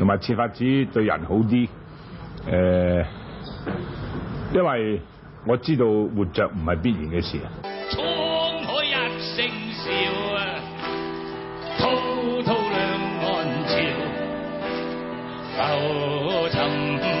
同埋設法子對人好啲，誒，因為我知道活着唔係必然嘅事啊！滄海一聲笑啊，滔滔兩岸潮